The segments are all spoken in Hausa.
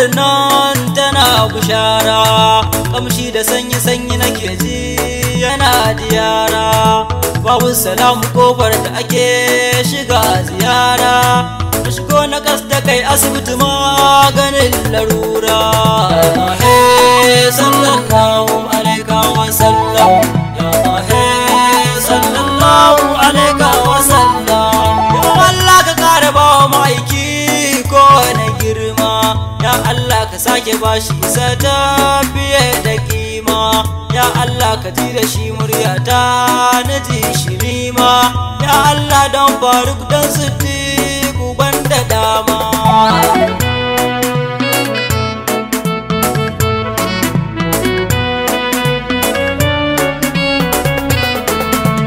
nan tana bushara kamshi da sanyi-sanyi nake ji yana diyara babu salamu kofar da ake shiga ziyara shigo na kas kai asibiti maganin laru sake bashi shi ta fiye da kima ya Allah ka ji da shi murya ta na ji shi nima ya Allah don dan su ti uban da dama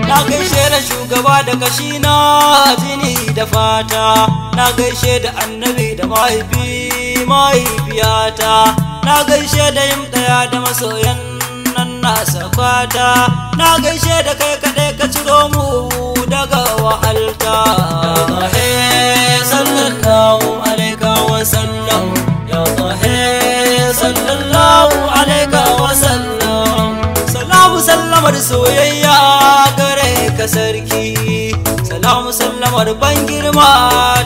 na gaishe da shugaba da kashina jini da fata na gaishe da annabi da mahaifi mahaifiyata na gaishe da yin daya da masoyan nan nasa kwata na gaishe da kai kaɗai ka ciro mu daga wahalta sallallahu sallam ya sallallahu sallam sallamar soyayya ga sarki salamu sallamar ban girma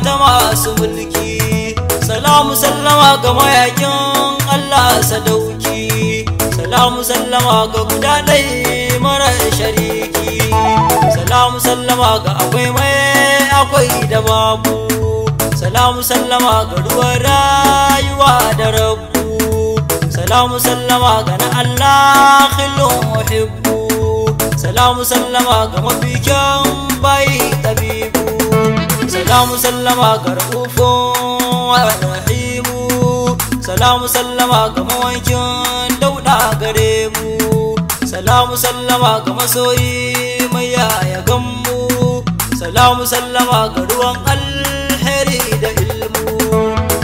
ta masu mulki salamu sallama ga mayakin Allah sadauki salamu sallama ga guda mara shariki salamu sallama ga akwai mai akwai da babu salamu sallama ga ruwan rayuwa da rabu salamu sallama ga na Allah khilun muhibbu salamu sallama ga mafi kyan bayi tabibu salamu sallama ga rufufun rahimu salamu sallama ga mawankin dauda gare mu salamu sallama ga masoyi mai yaya mu salamu sallama ga ruwan alheri da ilmu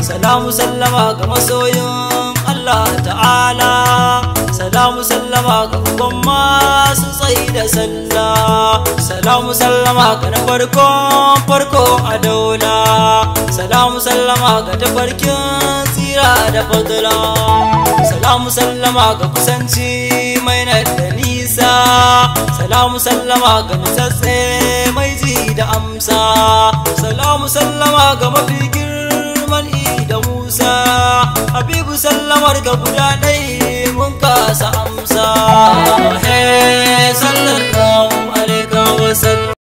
salamu sallama ga masoyin Allah ta'ala salamu sallama ga uban su tsayi da sallah salamu sallama ga na farko farko a daula salamu sallama ga tafarkin tsira da fadla salamu sallama ga kusanci mai da nisa salamu sallama ga mutsatse mai ji da amsa salamu sallama ga mafi girman da musa habibu sallamar ga guda ɗaya